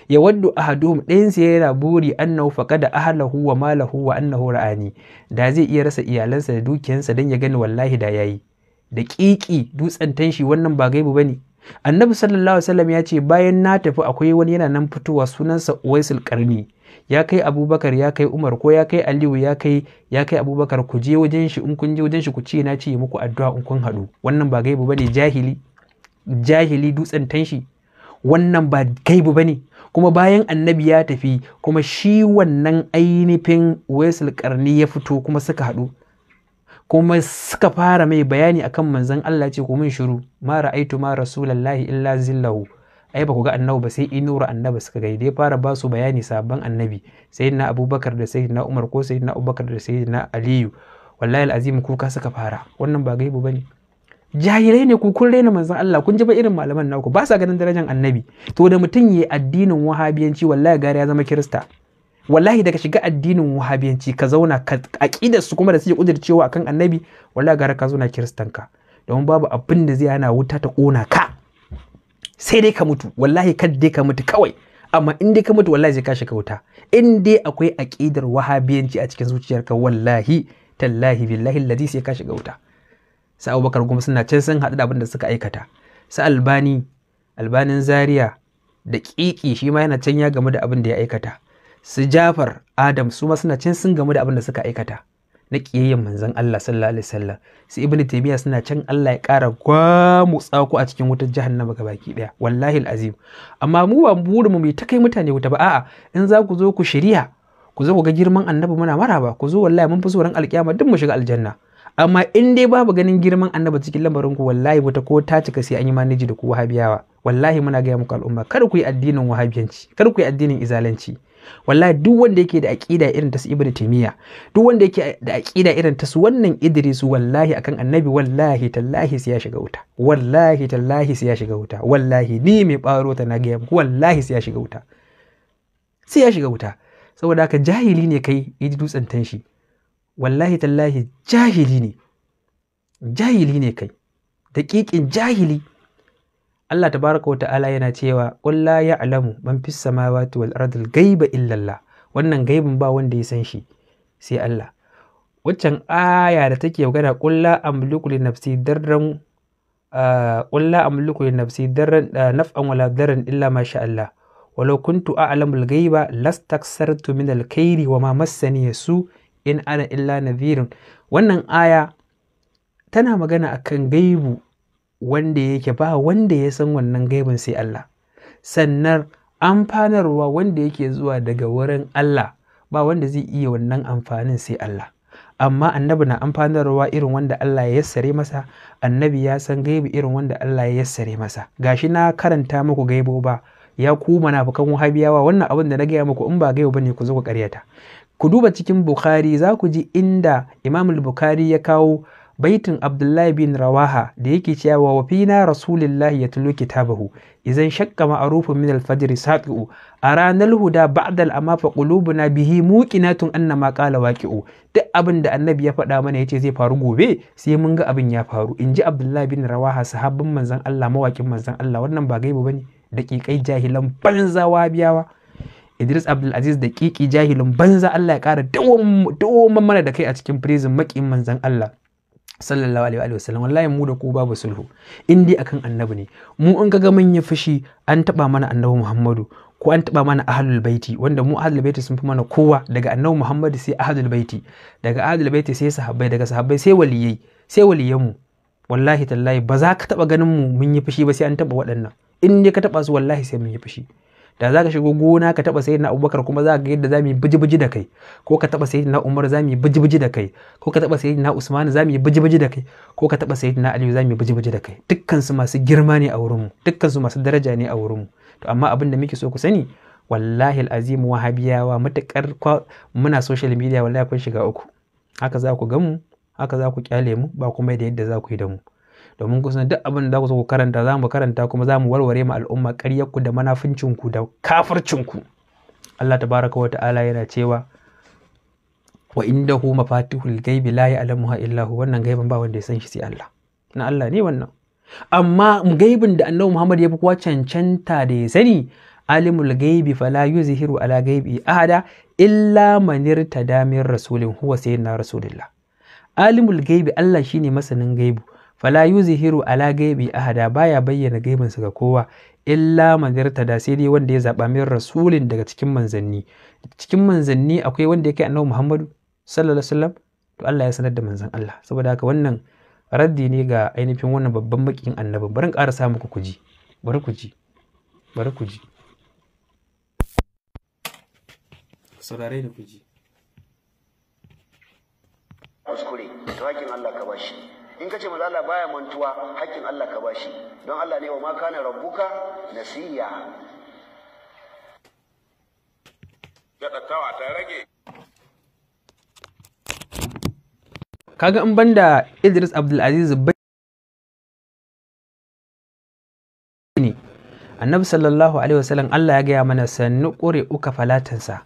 yawaddu ahaduhum ɗayan sa yana buri annahu faqada ahlahu wa malahu wa annahu ra'ani da zai iya rasa iyalansa da dukiyansa dan ya gani wallahi da yayi da kiki dutsen tanshi wannan ba gaibu bane annabi sallallahu alaihi wasallam ya ce bayan na tafi akwai wani yana nan fitowa sunansa uwaisul karni ya kai abubakar ya kai umar ko ya kai aliyu ya kai ya kai abubakar ku je wajen shi in kun je wajen shi ku ce na ce muku addu'a in kun haɗu wannan ba gaibu bane jahili jahili dutsen tanshi wannan ba gaibu bane kuma bayan annabi ya tafi kuma shi wannan ainihin uwaisul karni ya fito kuma suka haɗu kuma suka fara mai bayani akan manzon Allah ce ku mun shiru ma ra'aitu ma rasulullahi illa zillahu ai ba ku ga annabi ba sai inura annabi suka gai dai fara ba su bayani sabon annabi sayyidina abubakar da sayyidina umar ko sayyidina abubakar da sayyidina aliyu wallahi alazim ku ka suka fara wannan ba gaibu bane jahilai ne ku kun raina manzon Allah kun ji ba irin malaman naku ba sa ganin darajar annabi to da mutum yi addinin wahabiyanci wallahi gari ya zama kirista wallahi daga shiga addinin wahabiyanci ka zauna ka aqidar su kuma da suke kudircewa akan annabi wallahi gara ka zauna kiristanka domin babu abin da zai hana wuta ta kona ka sai dai ka mutu wallahi kad dai ka mutu kawai amma in dai ka mutu wallahi zai ka shiga wuta in dai akwai aqidar wahabiyanci a cikin zuciyarka wallahi tallahi billahi allazi sai ka shiga wuta sa Abubakar kuma suna can sun hadu da abin da suka aikata sa Albani Albanin Zaria da Kiki shi ma yana can ya gamu da abin da ya aikata su Jafar Adam su ma suna can sun gamu da abin da suka aikata na kiyayyen manzon Allah sallallahu alaihi wasallam su Ibn taymiya suna can Allah ya ƙara gwamu tsako a cikin wutar jahannama baki daya wallahi azim amma mu ba burin mu ta kai mutane wuta ba a'a in za ku zo ku shirya ku zo ku ga girman annabi muna maraba ku zo wallahi mun fi ran alkiyama duk mu shiga aljanna amma in dai babu ganin girman annabi cikin lamarin ku wallahi wata ko ta cika sai an yi maniji da ku wahabiyawa wallahi muna gaya muku al'umma kar ku yi addinin wahabiyanci kar ku yi addinin izalanci wallahi duk wanda yake da aqida irin ta su ibnu taymiya duk wanda yake da aqida irin ta wannan idris wallahi akan annabi wallahi tallahi sai ya shiga wuta wallahi tallahi sai ya shiga wuta wallahi ni mai baro ta na ga wallahi sai ya shiga wuta sai ya shiga wuta saboda haka jahili ne kai idi dutsen tanshi wallahi tallahi jahili ne jahili ne kai daƙiƙin jahili Allah tabaraka wa ta'ala yana cewa qul la ya'lamu man fis samawati wal ardil ghaiba illa Allah wannan gaibin ba wanda ya san shi sai Allah waccan aya da take magana qul la amliku li nafsi darran ah, qul la amliku li nafsi darran ah, naf'an wala darran illa ma sha Allah walau kuntu a'lamu al ghaiba lastaksartu min al wa ma massani yasu in ana illa nadhirun wannan aya tana magana akan gaibu wanda yake ba wanda ya san wannan gaibin sai Allah sannan amfanarwa wanda yake zuwa daga wurin Allah ba wanda zai iya wannan amfanin sai Allah amma annabi na amfanarwa irin wanda Allah ya yassare masa annabi ya san gaibi irin wanda Allah ya yassare masa gashi na karanta muku gaibo ba ya ku munafukan wahabiyawa wannan abin da na gaya muku in ba gaibo bane ku zo ku karyata ku duba cikin bukhari za ku ji inda imamul bukhari ya kawo baitin Abdullahi bin Rawaha da yake cewa wa fina Rasulullahi ya tulo kitabahu idan shakka ma'arufun min al-fajr a ranar huda ba'dal amma fa qulubuna bihi muqinatun anna ma qala waqi'u duk abin da annabi ya faɗa mana ya ce zai faru gobe sai mun ga abin ya faru inji Abdullahi bin Rawaha sahabin manzon Allah mawaƙin manzon Allah wannan ba gaibu bane daƙiƙai jahilan banzawa biyawa Idris Abdulaziz da kiki jahilin banza Allah ya ƙara dawo mana da kai a cikin prison maƙin manzon Allah sallallahu alaihi wa sallam wallahi mu da ku babu sulhu in akan annabi ne mu in ga mun yi fushi an taba mana annabi Muhammadu ko an taba mana ahlul baiti wanda mu ahlul baiti sun fi mana kowa daga annabi Muhammadu sai ahlul baiti daga ahlul baiti sai sahabbai daga sahabbai sai waliyai sai waliyanmu wallahi tallahi ba za ka taba ganin mu mun yi fushi ba sai an taba waɗannan in ka taba su wallahi sai mun yi fushi da za ka shigo gona ka taɓa sayyidina abubakar kuma za ka ga yadda za mu yi biji-biji da kai ko ka taɓa sayyidina umar za mu yi biji-biji da kai ko ka taɓa sayyidina usman za mu yi biji-biji da kai ko ka taɓa sayyidina aliyu za mu yi biji-biji da kai dukkan masu girma ne a wurinmu dukkan su masu daraja ne a wurin mu. to amma abin da muke so ku sani wallahi al'azim wahabiyawa matakar muna social media wallahi kun shiga uku haka za ku ga mu? haka za ku kyale mu ba kuma da yadda za ku yi da mu domin kusan duk abin da za ku so ku karanta za mu karanta kuma za mu warware ma al'umma ku da manafincinku da kafircinku Allah tabaraka wa ta'ala yana cewa wa indahu mafatihul gaibi la ya'lamuha illa hu wannan gaiban ba wanda ya san shi sai Allah na Allah ne wannan amma gaibin da Annabi Muhammad ya fi kowa cancanta da ya sani alimul gaibi fala yuzhiru ala gaibi ahada illa man irtada min rasulin huwa sayyidina rasulillah alimul gaibi Allah shine masanin gaibu fala Zihiru, ala gaibi ahada baya bayyana gaibinsa ga kowa illa manzarta da sai dai wanda ya zaba min rasulin daga cikin manzanni cikin manzanni akwai wanda ya kai annabi Muhammadu sallallahu alaihi wasallam to Allah ya sanar da manzan Allah saboda haka wannan raddi ne ga ainihin wannan babban makin annabi bari ƙara sa muku kuji bari ku ji bari ku ji saurare da ku ji Allah ka bashi in ka ce manzo Allah baya mantuwa hakkin Allah ka bashi don Allah ne wa ma kana rabbuka nasiya kaga in banda Idris Abdulaziz ne annabi sallallahu alaihi wasallam Allah ya gaya mana sannu ƙure uka falatansa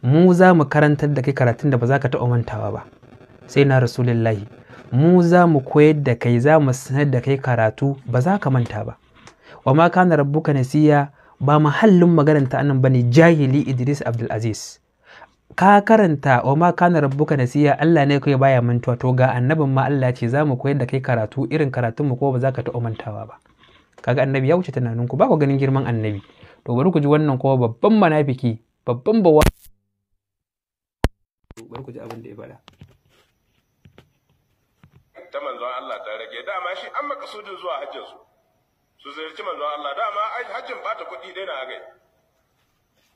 mu za mu karantar da kai karatun da ba za ka taɓa mantawa ba sai na rasulullahi mu za mu koyar da kai za mu sanar da kai karatu ba za ka manta ba wa ma kana rabbuka nasiya ba mahallin maganar ta annan bane jahili Idris Abdulaziz ka karanta wa ma kana rabbuka nasiya Allah ne kai baya mantuwa to ga annabin ma Allah ce za mu koyar da kai karatu irin karatun mu ko ba za ka taɓa mantawa ba kaga annabi ya wuce tunanin ku ba ku ganin girman annabi to bari ku ji wannan kuma babban manafiki babban bawa bari ku ji abin da ya faɗa ta manzon Allah ta rage dama shi an makasudin zuwa hajjin su su ziyarci manzon Allah dama ai hajjin bata kuɗi dai na gai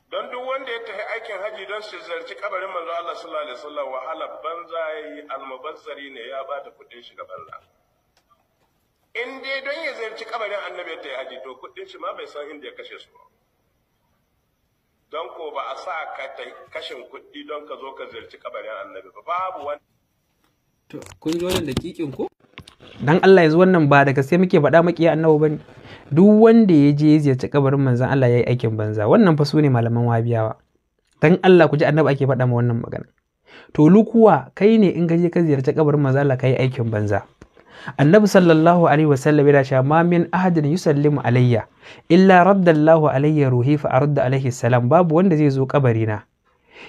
don duk wanda ya tafi aikin haji don su ziyarci kabarin manzon Allah sallallahu alaihi wasallam wahala banza yayi almubazzari ne ya bata kuɗin shi ga banza in dai don ya ziyarci kabarin annabi ta haji to kuɗin shi ma bai san inda ya kashe su don ko ba a sa ka kashin kuɗi don ka zo ka ziyarci kabarin annabi ba babu wani To, kun ji wannan Dan Allah yanzu wannan ba da sai muke faɗa ya annabo bane. Duk wanda ya je ya ziyarci kabarin manzon Allah yayi aikin banza. Wannan fa sune malaman wabiyawa. Dan Allah ku ji annabi ake faɗa ma wannan magana. To lukuwa kai ne in gaje ka ziyarci kabarin manzon Allah kai aikin banza. Annabi sallallahu alaihi wasallam ya ce ma min ahadin yusallimu alayya illa radda Allahu alayya ruhi fa arda alaihi salam babu wanda zai zo kabarina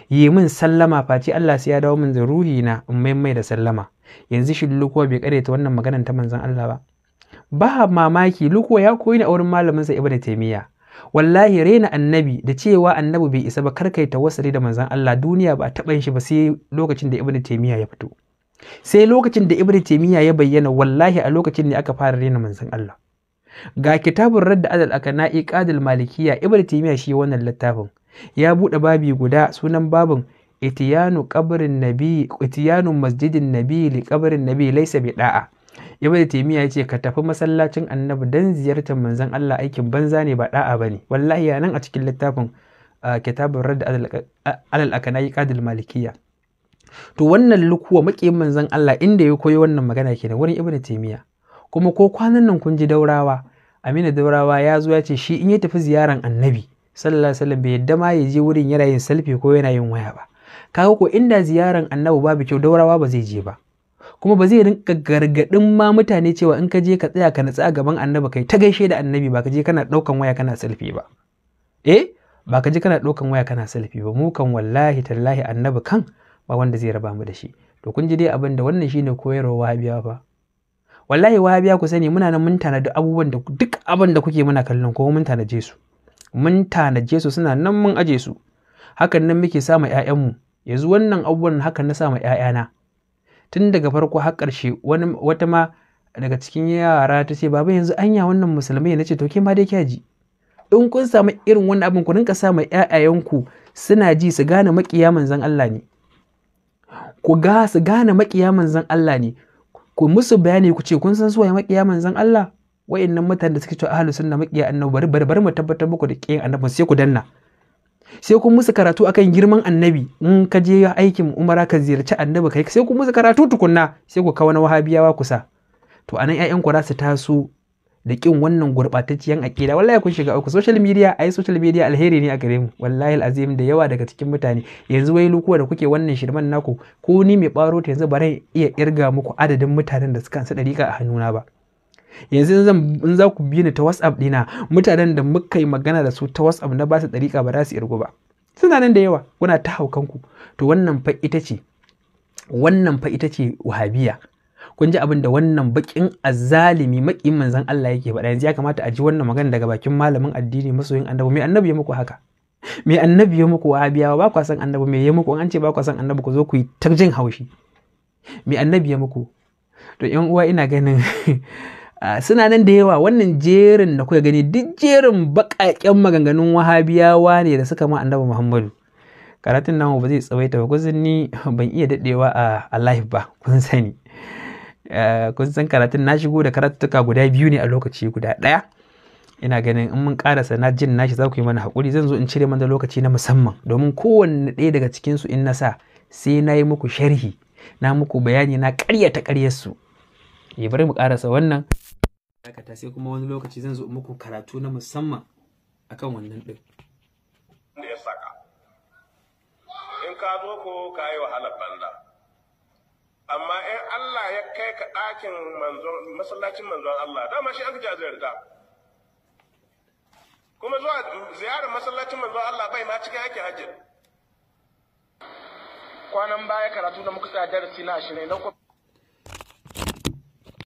yi min sallama face Allah sai ya dawo min da ruhi na in mai mai da sallama yanzu shi lukuwa bai ta wannan maganar ta manzon Allah ba ba mamaki lukuwa ya koyi ne a wurin malamin sa ibnu taymiya wallahi raina annabi da cewa annabi bai isa ba ta wasari da manzon Allah duniya ba taɓa shi ba sai lokacin da ibnu taymiya ya fito sai lokacin da ibnu taymiya ya bayyana wallahi a lokacin ne aka fara raina manzon Allah ga kitabun radda adal akana'i qadil malikiya ibnu taymiya shi wannan littafin ya buɗe babi guda sunan babin itiyanu kabarin nabi itiyanu masjidin nabi li kabarin nabi laisa bi da'a ibnu taymiya yace ka tafi masallacin annabi dan ziyartar manzon Allah aikin banza ne ba da'a bane wallahi ya nan a cikin littafin kitabun radd alal akanai qadil malikiyya to wannan lukuwa makiyin manzon Allah inda ya koyi wannan magana kenan wurin ibnu taymiya kuma ko kwanan nan kun ji daurawa amina daurawa ya zo ya ce shi in ya tafi ziyaran annabi sallallahu alaihi wasallam bai yadda ma ya je wurin yana yin selfie ko yana yin waya ba kaga ko inda ziyaran annabi babu kyau daurawa ba zai je ba kuma ba zai rinka gargadin ma mutane cewa in ka je ka tsaya ka natsa gaban annabi kai ta gaishe da annabi ba ka je kana daukan waya kana selfie ba eh ba ka je kana daukan waya kana selfie ba mu kan wallahi tallahi annabi kan ba wanda zai raba mu da shi to kun ji dai abin wannan shine koyarwa wahabiya ba? wallahi wahabiya ku sani muna nan mun da abubuwan da duk abin kuke muna kallon ko mun je su mun tanaje su suna nan mun aje su hakan nan muke sama mu, yanzu wannan abubuwan hakan na sama ‘ya'yana tun daga farko har ƙarshe wata ma daga cikin yara ta ce baba yanzu anya wannan musulmai na ce to ke ma dai kyaji in kun samu irin wani abin ku rinka sama ‘ya'yayanku suna ji su gane maƙiya manzon Allah ne ku ga su gane maƙiya manzon Allah ne ku musu bayani ku ce kun san suwaye maƙiya manzon Allah wayannan mutanen da suke cewa ahlus sunna makiya annabi bari bari bari mu tabbatar muku da kiyin annabi sai ku danna sai kun musu karatu akan girman annabi in ka je aikin umara ka ziyarci annabi kai sai kun musu karatu tukunna sai ku kawo na wahabiyawa kusa to anan ƴaƴan ku za su taso da kin wannan gurɓatacciyar aƙida wallahi kun shiga uku social media ai social media alheri ne a gare mu wallahi alazim da yawa daga cikin mutane yanzu wai lukuwa da kuke wannan shirman naku ko ni mai baro ta yanzu ba iya irga muku adadin mutanen da suka ansa dariƙa a hannuna ba yanzu in za ku bi ni ta whatsapp dina mutanen da muka yi magana da su ta whatsapp na ba su dariƙa ba za su irgu ba suna nan da yawa kuna ta haukanku to wannan fa ita ce wannan fa ita ce wahabiya kun ji abin da wannan bakin azalimi makin manzan Allah yake faɗa yanzu ya kamata a ji wannan magana daga bakin malamin addini masoyin annabi me annabi ya muku haka me annabi ya muku wahabiyawa ba kwa san annabi me ya muku an ce ba kwa san annabi ku zo ku yi tarjin haushi me annabi ya muku to yan uwa ina ganin [LAUGHS] Ah, suna nan da yawa wannan jerin da kuka gani duk jerin baƙaƙen maganganun wahabiyawa ne da suka ma annabi muhammadu karatun namu ba zai tsawaita ba kusan ni [LAUGHS] ban iya dadewa a live ba kun sani eh, kun san karatun na shigo da karatuttuka guda biyu ne a lokaci guda ɗaya ina ganin in mun karasa na jin nashi za ku yi mana hakuri, zan zo in cire mana lokaci na musamman domin kowanne ɗaya daga cikin su in na sa sai na yi muku sharhi na muku bayani na ƙaryata ƙaryarsu eh, bari mu ƙarasa wannan dakata sai kuma wani lokaci zan zo muku karatu na musamman akan wannan din da ya saka in ka zo ko ka yi wahalar banda amma in Allah ya kai ka ɗakin manzon masallacin manzon Allah dama shi an ka ziyarta kuma zuwa ziyarar masallacin manzon Allah bai ma cikin yake hajji kwanan baya karatu da muka tsaya darasi na ashirin na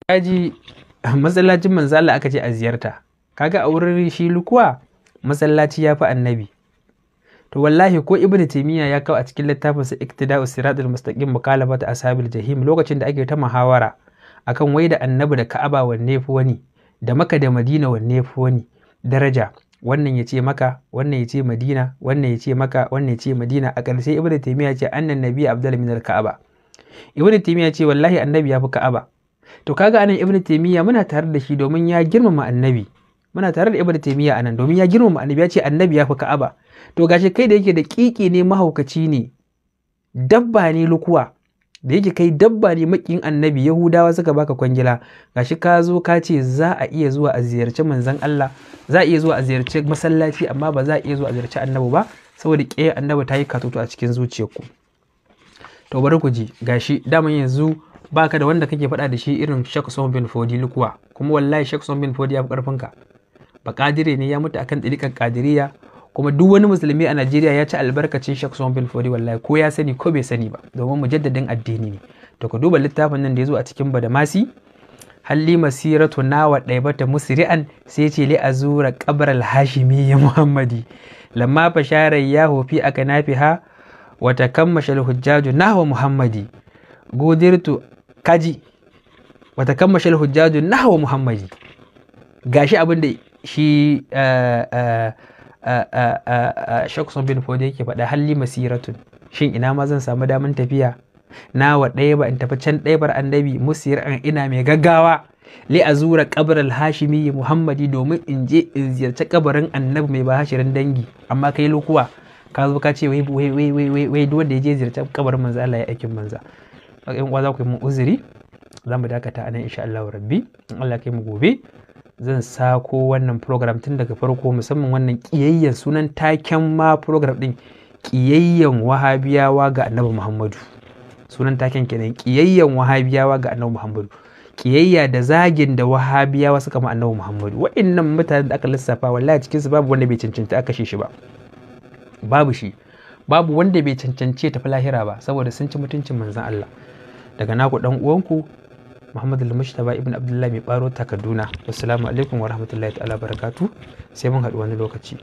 Aji [LAUGHS] masallacin manzo aka ce a ziyarta kaga a wurin shi lukuwa masallaci ya fi annabi to wallahi ko ibn taymiya ya kawo a cikin littafin littafinsa iktida siratul mustaqim mukalafat ashabil jahim lokacin da ake ta muhawara akan wai da annabi da ka'aba wanne fi wani da maka da madina wanne fi wani daraja wannan ya ce maka wannan ya ce madina wannan ya ce maka wannan ya ce madina a ƙarshe ibn taymiya ce annan nabi abdul min al-ka'aba ibn taymiya ce wallahi annabi ya fi ka'aba to kaga anan ibnu taymiya muna tare da shi domin ya girmama annabi muna tare da ibnu taymiya anan domin ya girmama annabi ya ce annabi ya fi ka'aba to gashi kai da yake da kiki ne mahaukaci ne dabba ne lukuwa da yake kai dabba ne makin annabi yahudawa suka baka kwangila gashi ka zo ka ce za a iya zuwa a ziyarci manzon Allah za a iya zuwa a ziyarci masallaci amma ba za a iya zuwa a ziyarci annabi ba saboda ƙe annabi ta yi katoto a cikin zuciyarku to bari ku ji gashi dama yanzu baka da wanda kake faɗa da shi irin Sheikh Usman bin Fodi Lukuwa kuma wallahi Sheikh Usman bin Fodi ya fi karfin ka ba kadire ne ya mutu akan ɗirikan kadiriya kuma duk wani musulmi a Najeriya ya ci albarkacin Sheikh Usman bin Fodi wallahi ko ya sani ko bai sani ba domin mujaddadin addini ne to ka duba littafin nan da ya zo a cikin Badamasi halli masiratu wa ɗaibata musri'an sai ce li azura qabr al-hashimi ya muhammadi lamma ya yahu aka nafiha wa takammashal al-hujjaju nahwa muhammadi gudirtu kaji wata kan mashal na hawa muhammadi gashi abin da shi eh, eh, eh, shakson bin fode yake faɗa halli masiratun shin ina ma zan samu daman tafiya na wa ɗaya ba in tafi can ɗaya bar annabi musir an ina mai gaggawa li azura zura al hashimi muhammadi domin in je in ziyarci kabarin annabi mai bahashirin dangi amma kai lokuwa ka zo ka ce wai wai wai wai wai duk ya je ziyarci kabarin manzo Allah ya aikin manza yan uwa za ku yi mun uzuri za mu dakata anan insha Allah rabbi in Allah kai mu gobe zan sako wannan program tun daga farko musamman wannan kiyayyen sunan taken ma program din kiyayyen wahabiyawa ga annabi Muhammadu sunan taken kenan kiyayyen wahabiyawa ga annabi Muhammadu kiyayya da zagin da wahabiyawa suka ma annabi Muhammadu wa'annan mutanen da aka lissafa wallahi cikin su babu wanda bai cancanta aka shi ba babu shi babu wanda bai cancance tafi lahira ba saboda sun ci mutuncin manzon Allah daga naku dan uwanku Muhammad al mustafa ibn Abdullah mai baro ta Kaduna assalamu alaikum wa rahmatullahi ta'ala barakatu sai mun haɗu wani lokaci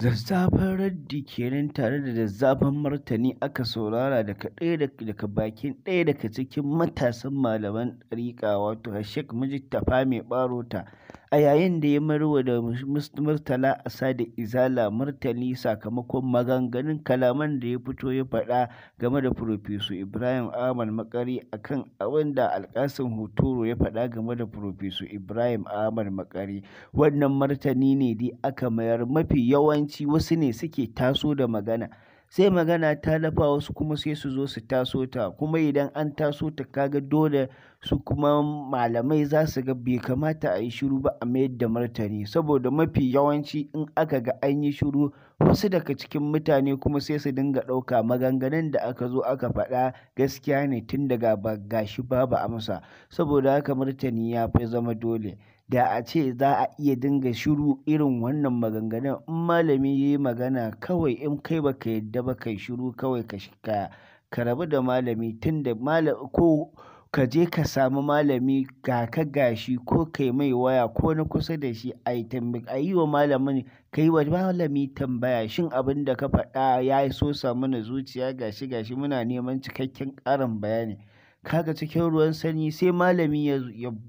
zazzafan raddi kenan tare da zazzafan martani aka saurara daga ɗaya daga bakin ɗaya daga cikin matasan malaman ɗariƙa wato Sheikh Mujittafa mai ɓarota. A yayin da ya marwa da Murtala Asa da Izala martani sakamakon maganganun kalaman da ya fito ya faɗa game da Furofeso Ibrahim Ahmad Makari a kan abin da alkasin Hutoro ya faɗa game da Furofeso Ibrahim Ahmad Makari, wannan martani ne dai aka mayar mafi yawanci wasu ne suke taso da magana. sai magana ta lafa wasu kuma sai su zo su taso ta kuma idan an taso ta kaga dole su kuma malamai za su ga bai kamata a yi shiru ba a mayar da martani saboda mafi yawanci in aka ga an yi shiru wasu daga cikin mutane kuma sai su dinga ɗauka maganganun da aka zo aka faɗa gaskiya ne tun daga ba gashi babu amsa saboda haka martani ya fi zama dole da a ce za a iya dinga shiru irin wannan maganganun in malami ya yi magana kawai in kai baka yadda ba kai shiru kawai ka ka rabu da malami tun da malami. ko ka je ka samu malami ga ka gashi ko kai mai waya ko na kusa da shi a yi wa malamin ka wa malami tambaya shin abin da ka faɗa ya so samu na zuciya gashi gashi muna neman cikakken ƙarin bayani kaga cikin ruwan sanyi sai malami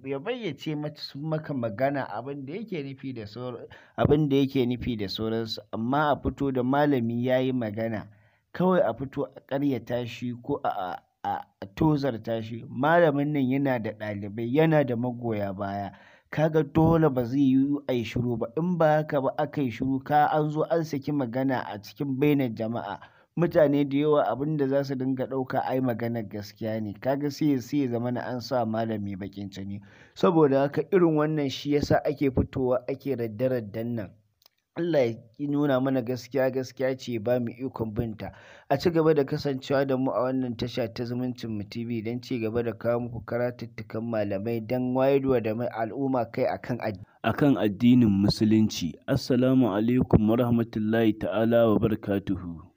ya bayyace maka magana abin da yake nufi da sauransu amma a fito da malami ya yi magana kawai a fito a ƙaryata shi ko a a tozarta shi malamin nan yana da ɗalibai yana da magoya baya kaga dole ba zai yi a shiru ba in ba haka ba aka yi shiru ka an zo an saki magana a cikin bainar jama'a mutane da yawa abin da za su dinga ɗauka ai maganar gaskiya ne kaga sai sai ya zama na an sa malami bakin cani, saboda haka irin wannan shi yasa ake fitowa ake radde-radden nan Allah ya nuna mana gaskiya gaskiya ce ba mu ikon binta a ci gaba da kasancewa da mu a wannan tasha ta zumuncin mu TV dan ci gaba da kawo muku karatuttukan malamai dan wayarwa da al'umma kai akan akan addinin musulunci assalamu alaikum warahmatullahi ta'ala wa barakatuhu